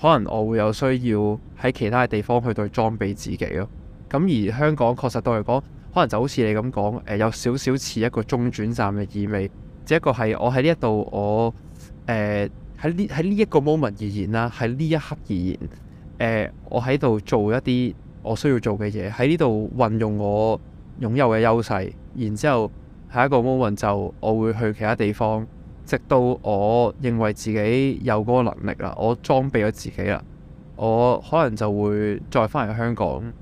可能我會有需要喺其他嘅地方去到裝備自己咯、哦。咁而香港確實對我嚟講，可能就好似你咁講誒，有少少似一個中轉站嘅意味。只一個係我喺呢一度，我誒喺呢喺呢一個 moment 而言啦，喺呢一刻而言，誒、呃、我喺度做一啲我需要做嘅嘢，喺呢度運用我擁有嘅優勢，然之後下一個 moment 就我會去其他地方。直到我認為自己有嗰個能力啦，我裝備咗自己啦，我可能就會再返嚟香港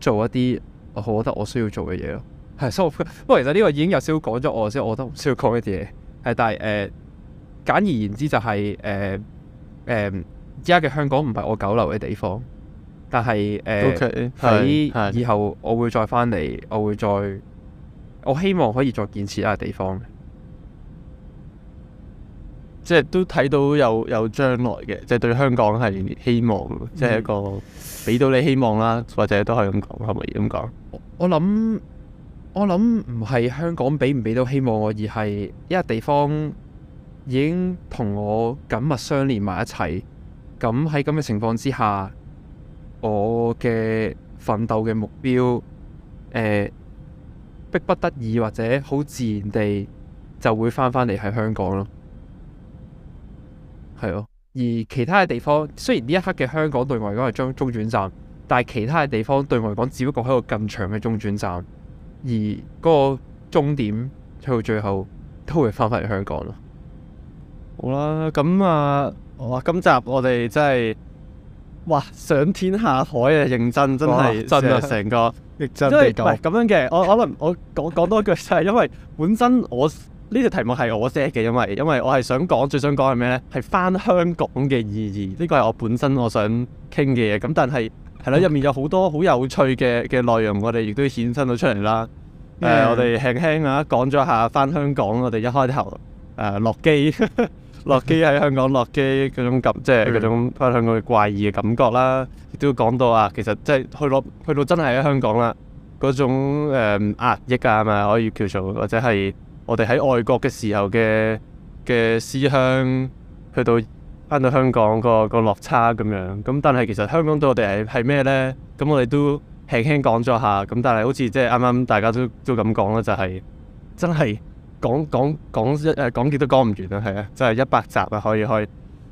做一啲我覺得我需要做嘅嘢咯。係，所以不過其實呢個已經有少少講咗我先，我覺得唔需要講一啲嘢。係，但係誒、呃、簡而言之就係誒誒，而家嘅香港唔係我久留嘅地方，但係誒喺以後我會再返嚟，Okay. 我會再，Yes. 我會再，我希望可以再建設一個地方。即係都睇到有有將來嘅，即係對香港係希望，嗯、即係一個俾到你希望啦，或者都係咁講，係咪咁講？我我諗我諗唔係香港俾唔俾到希望我，而係一個地方已經同我緊密相連埋一齊。咁喺咁嘅情況之下，我嘅奮鬥嘅目標，誒、呃，迫不得已或者好自然地就會翻返嚟喺香港咯。係咯，而其他嘅地方雖然呢一刻嘅香港對外嚟講係中中轉站，但係其他嘅地方對外嚟講只不過係一個更長嘅中轉站，而嗰個終點去到最後都會翻返去香港咯。好啦，咁啊，好啊，今集我哋真係哇上天下海啊，認真真係真啊，成個 *laughs* 亦真亦假。唔係咁樣嘅， *laughs* 我可能我講講多一句就係、是，因為本身我。呢隻題目係我 set 嘅，因為因為我係想講最想講係咩呢？係返香港嘅意義，呢個係我本身我想傾嘅嘢。咁但係係啦，入面有好多好有趣嘅嘅內容，我哋亦都衍生咗出嚟啦。誒、呃，我哋輕輕啊講咗下返香港，我哋一開頭誒落機，落機喺香港落機嗰種感，即係嗰種返香港嘅怪異嘅感覺啦。亦都講到啊，其實即、就、係、是、去落去到真係喺香港啦，嗰種誒、呃、壓抑啊係咪？可以叫做或者係。我哋喺外國嘅時候嘅嘅思鄉，去到返到香港個個落差咁樣，咁但係其實香港對我哋係係咩呢？咁我哋都輕輕講咗下，咁但係好似即係啱啱大家都都咁講啦，就係、是、真係講講講一誒講極都講唔完啊，係啊，真、就、係、是、一百集啊，可以可以。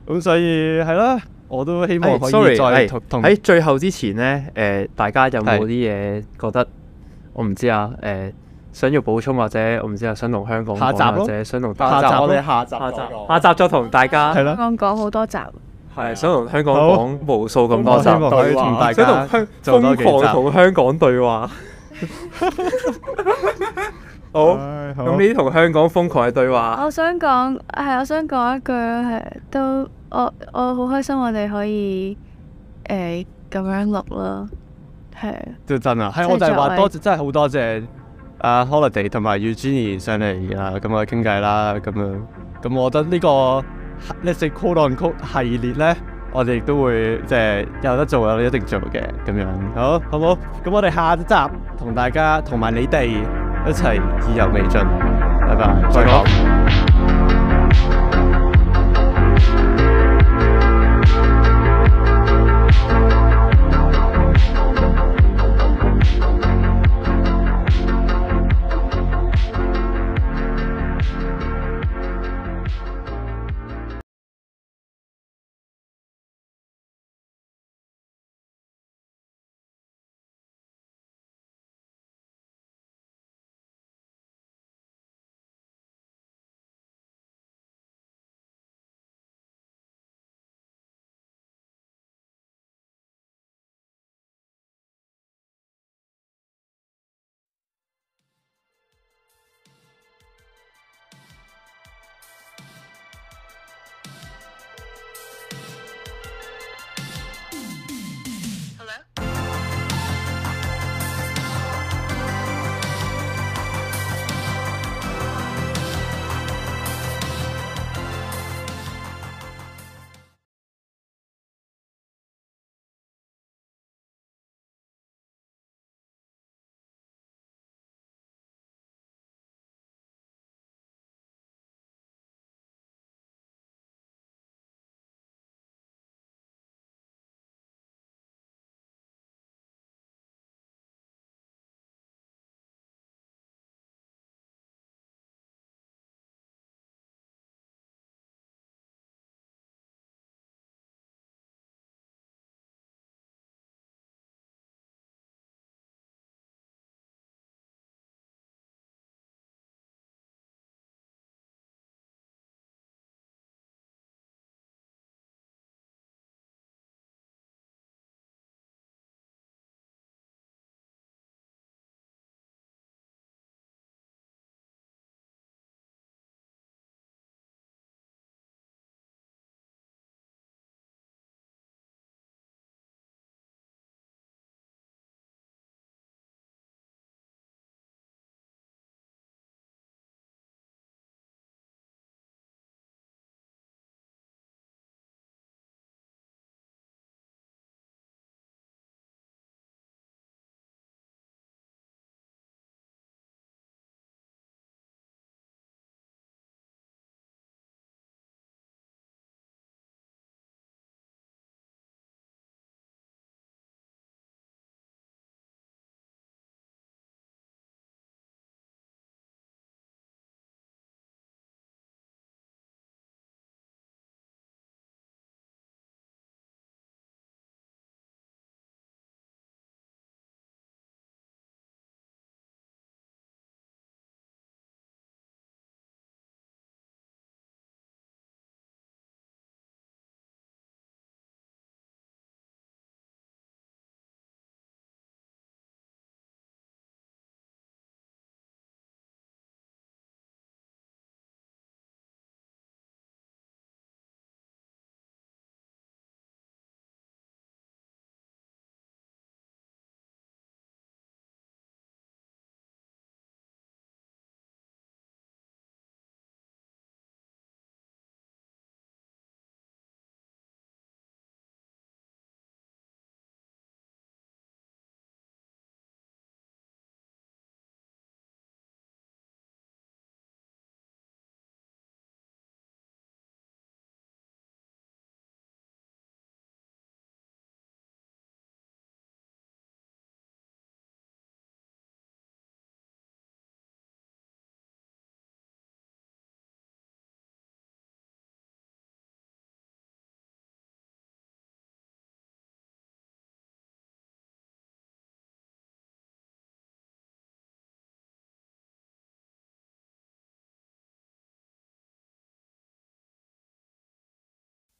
咁所以係啦、啊，我都希望可以再同喺、哎哎、最後之前呢，誒、呃、大家有冇啲嘢覺得？是我唔知啊，誒、呃。想要補充或者我唔知啊，想同香港下集，或者想同下集咯，我哋下集下集就同大家係咯，講好多集，係想同香港講無數咁多集，想同香港對話。好，咁呢啲同香港瘋狂嘅對話，我想講係，我想講一句係都我我好開心，我哋可以誒咁樣錄咯，係都真啊，係我就係話多謝，真係好多謝。啊、uh,，holiday 同埋 UJ 尼上嚟啊，咁我傾偈啦，咁樣，咁、嗯嗯嗯嗯嗯嗯嗯、我覺得呢、這個 Let's Call On 曲系列咧，我哋亦都會即係有得做啊，有一定做嘅，咁樣，好，好唔好？咁、嗯、我哋下一集同大家，同埋你哋一齊意猶未盡，拜拜，再見 Bye.。